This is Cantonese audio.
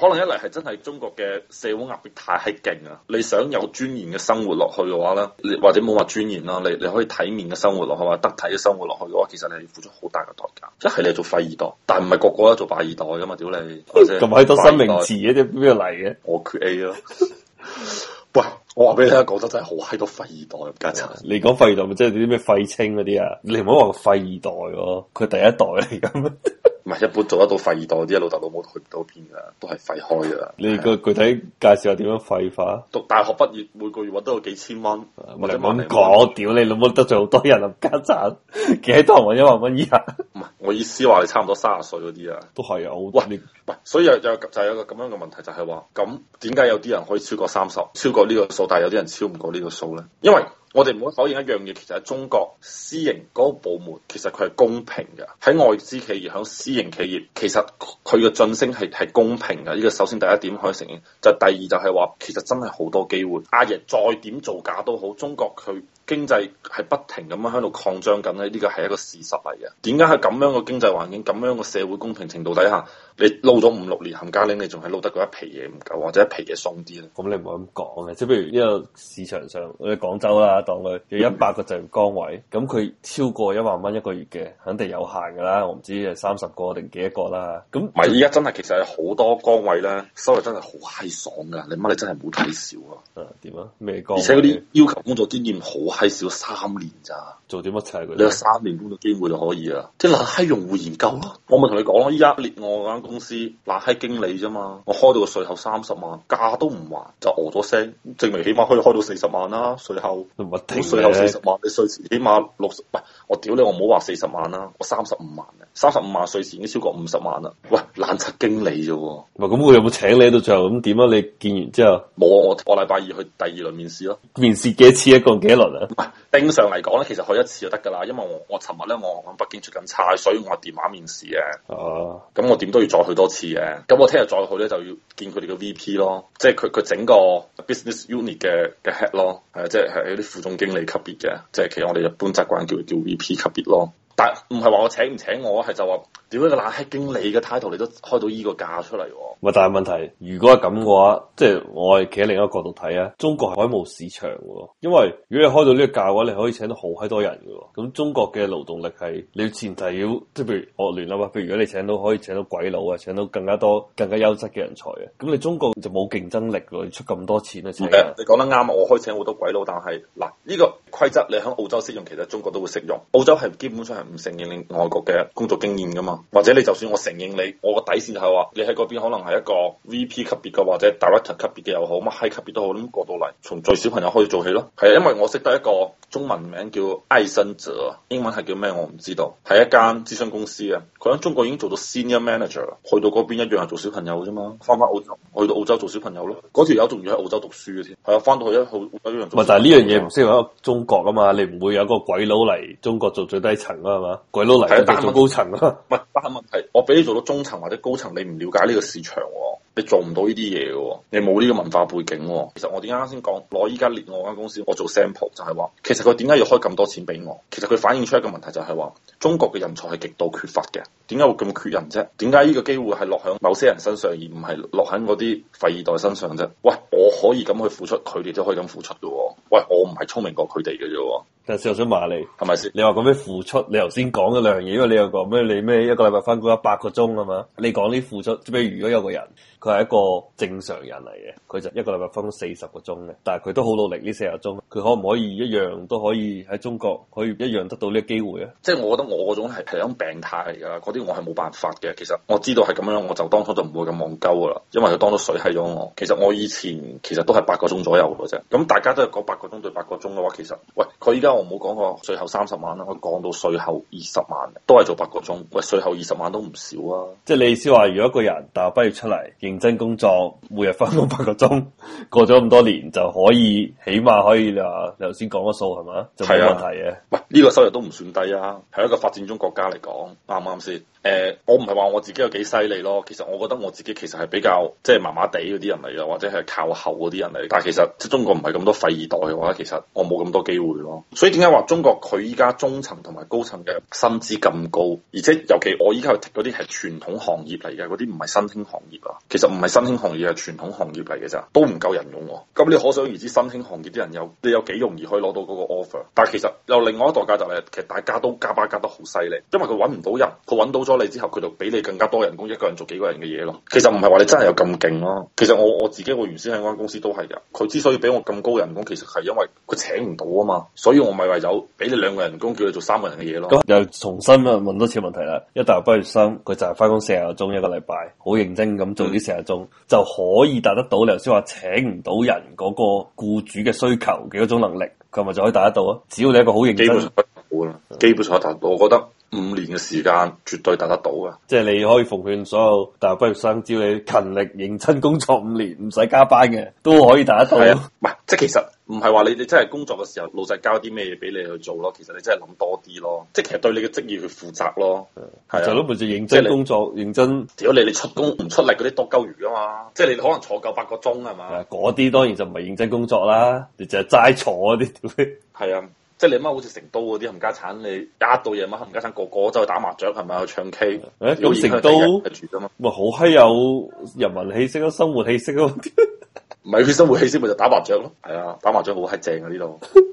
可能一嚟係真係中國嘅社會壓力太係勁啊！你想有尊嚴嘅生活落去嘅話咧，你或者冇話尊嚴啦，你你可以體面嘅生活落去啊，得體嘅生活落去嘅話，其實你係付出好大嘅代價。即係你是做廢二代，但唔係個個都做白二代噶嘛？屌你，咁喺 多新名字啊？啲咩嚟嘅？我缺 A 咯，喂！我話俾你聽，講得真係好閪多廢二代，家陣 喂你講廢 二代咪即係啲咩廢青嗰啲啊？你唔好話廢二代咯，哦，佢第一代嚟噶。 唔係一般做得到廢二代嗰啲，老豆老母去唔到邊噶，都係廢開噶。你個具體介紹下點樣廢法？讀大學畢業每個月揾都有幾千蚊，我你咁講，屌你老母得罪好多人啊！家陣幾多人一萬一萬蚊以下。唔係，我意思話你差唔多三十歲嗰啲啊，都係啊。好，喂，唔係，所以又又就係、有個咁樣嘅問題，就係話咁點解有啲人可以超過三十，超過呢個數，但係有啲人超唔過呢個數咧，因為。我哋唔好否認一樣嘢，其實喺中國私營嗰個部門，其實佢係公平嘅。喺外資企業、喺私營企業，其實佢嘅晉升係係公平嘅。呢個首先第一點可以承認。就係、第二就係話，其實真係好多機會。阿爺再點造假都好，中國佢經濟係不停咁樣喺度擴張緊咧，呢個係一個事實嚟嘅。點解喺咁樣嘅經濟環境、咁樣嘅社會公平程度底下，你撈咗五六年冚家拎，你仲係撈得嗰一皮嘢唔夠，或者一皮嘢鬆啲咧？咁你唔好咁講嘅。即係譬如呢個市場上，我哋喺廣州啦、啊。當佢有一百個就業崗位，咁佢超過一萬蚊一個月嘅，肯定有限噶啦。我唔知係三十個定幾多個啦。咁唔係依家真係其實有好多崗位啦，收入真係好閪爽噶。你媽你真係冇睇少啊！啊，點啊？咩崗位？而且嗰啲要求工作經驗好閪少三年咋？做點乜佢你有三年工作機會就可以啊！即係嗱，嗨用戶研究咯。嗯、我咪同你講咯，依家列我間公司嗱，嗨經理啫嘛。我開到個稅後三十萬，價都唔還就哦咗聲，證明起碼可以開到四十萬啦稅後。稅後四十萬，你稅起碼六十，唔係我屌你，我唔好話四十萬啦，我三十五萬。三十五萬稅前已經超過五十萬啦！喂，冷察經理啫喎，咁，我有冇請你到場咁點啊？你見完之後，冇？我我禮拜二去第二輪面試咯。面試幾次一個幾輪啊？正常嚟講咧，其實去一次就得噶啦，因為我我尋日咧我喺北京出緊差，所以我係電話面試嘅。哦、啊，咁我點都要再去多次嘅。咁我聽日再去咧就要見佢哋嘅 V P 咯，即係佢佢整個 business unit 嘅嘅 head 咯，係啊，即係係啲副總經理級別嘅，即係其實我哋一般習慣叫叫 V P 級別咯。但唔係話，我請唔請，我，係就話。點解個冷氣經理嘅態度，你都開到呢個價出嚟喎？唔係，但係問題，如果係咁嘅話，即係我係企喺另一個角度睇啊。中國係冇市場嘅，因為如果你開到呢個價嘅話，你可以請到好閪多人嘅。咁中國嘅勞動力係你要前提要，即係譬如惡劣啊嘛。譬如如果你請到可以請到鬼佬啊，請到更加多，更加優質嘅人才啊，咁你中國就冇競爭力咯。你出咁多錢去請人，欸，你講得啱啊！我可以請好多鬼佬，但係嗱，呢個規則你喺澳洲適用，其實中國都會適用。澳洲係基本上係唔承認你外國嘅工作經驗噶嘛。或者你就算我承認你，我個底線就係話，你喺嗰邊，可能係一個 VP 級別嘅，或者 director 級別嘅又好，乜閪級別都好，咁過到嚟，從最小朋友開始做起咯。係啊，因為我識得一個。中文名叫艾森哲，英文係叫咩？我唔知道。係一間諮詢公司啊，佢喺中國已經做到 senior manager 啦。去到嗰邊一樣係做小朋友嘅啫嘛。翻翻澳洲，去到澳洲做小朋友咯。嗰條友仲要喺澳洲讀書嘅添。係啊，翻到去一澳澳洲人。唔係，但係呢樣嘢唔適合中國啊嘛。你唔會有一個鬼佬嚟中國做最低層啦，係嘛？鬼佬嚟一定做高層啦。唔係，但係問題，我俾你做到中層或者高層，你唔了解呢個市場喎。你做唔到呢啲嘢嘅，你冇呢個文化背景。其實我點解啱先講，攞依家獵我間公司，我做 sample 就係話，其實佢點解要開咁多錢俾我？其實佢反映出一個問題，就係話，中國嘅人才係極度缺乏嘅。點解會咁缺人啫？點解呢個機會係落喺某些人身上，而唔係落喺嗰啲廢二代身上啫？喂，我可以咁去付出，佢哋都可以咁付出嘅喎。喂，我唔係聰明過佢哋嘅啫。但係我想問下你，係咪先？你話咁樣付出？你頭先講嗰兩樣嘢，因為你又講咩？你咩一個禮拜翻工一百個鐘啊嘛？你講啲付出，比如如果有個人，佢係一個正常人嚟嘅，佢就一個禮拜翻四十個鐘嘅，但係佢都好努力呢四十鐘，佢可唔可以一樣都可以喺中國可以一樣得到呢個機會啊？即係我覺得我嗰種係係種病態嚟噶，我係冇辦法嘅，其實我知道係咁樣，我就當初就唔會咁戇鳩噶啦，因為佢當咗水閪咗我。其實我以前其實都係八個鐘左右嘅啫。咁大家都係講八個鐘對八個鐘嘅話，其實喂，佢依家我冇講過稅後三十萬啦，我講到稅後二十萬，都係做八個鐘。喂，稅後二十萬都唔少啊。即係你意思話，如果一個人大學畢業出嚟認真工作，每日翻工八個鐘，過咗咁多年就可以，起碼可以啊。你頭先講個數係嘛？係啊。呢個收入都唔算低啊！喺一個發展中國家嚟講，啱唔啱先？誒、呃，我唔係話我自己有幾犀利咯。其實我覺得我自己其實係比較即係麻麻地嗰啲人嚟嘅，或者係靠後嗰啲人嚟。但係其實即中國唔係咁多廢二代嘅話，其實我冇咁多機會咯。所以點解話中國佢依家中層同埋高層嘅薪資咁高？而且尤其我依家嗰啲係傳統行業嚟嘅，嗰啲唔係新興行業啊。其實唔係新興行業係傳統行業嚟嘅咋，都唔夠人用啊。咁你可想而知新興行業啲人有你有幾容易可以攞到嗰個 offer？但係其實又另外一個價就嚟，其實大家都加班加得好犀利，因為佢搵唔到人，佢搵到咗你之後，佢就俾你更加多人工，一個人做幾個人嘅嘢咯。其實唔係話你真係有咁勁咯。其實我我自己我原先喺間公司都係噶，佢之所以俾我咁高人工，其實係因為佢請唔到啊嘛，所以我咪唯有俾你兩個人工，叫你做三個人嘅嘢咯。咁、嗯、又重新問多次問題啦，一大學畢業生佢就係翻工四十鐘一個禮拜，好認真咁做啲四十鐘，嗯、就可以達得到你頭先話請唔到人嗰個雇主嘅需求嘅一種能力。佢咪就可以打得到咯，只要你一個好認真。基本上達，我覺得五年嘅時間絕對達得到噶。即係你可以奉勸所有大學畢業生，只要你勤力認真工作五年，唔使加班嘅，都可以達得到。啊， 唔係即係其實唔係話你哋真係工作嘅時候老細交啲咩嘢俾你去做咯。其實你真係諗多啲咯，即係其實對你嘅職業去負責咯。係就咁，咪就的認真工作，認真。如果你你出工唔出力嗰啲多鳩魚啊嘛，即係你可能坐夠八個鐘係嘛，嗰啲當然就唔係認真工作啦。你淨係齋坐嗰啲，係 啊。即係你媽，好似成都嗰啲冚家鏟，你一到夜晚冚家鏟個個都走去打麻雀，係咪去唱 K？喺、欸嗯、成都係住噶嘛？哇、啊，好嗨的有人文氣息咯，生活氣息 活、就是、咯，唔係佢生活氣息咪就打麻雀咯，係啊，打麻雀好嗨正啊呢度。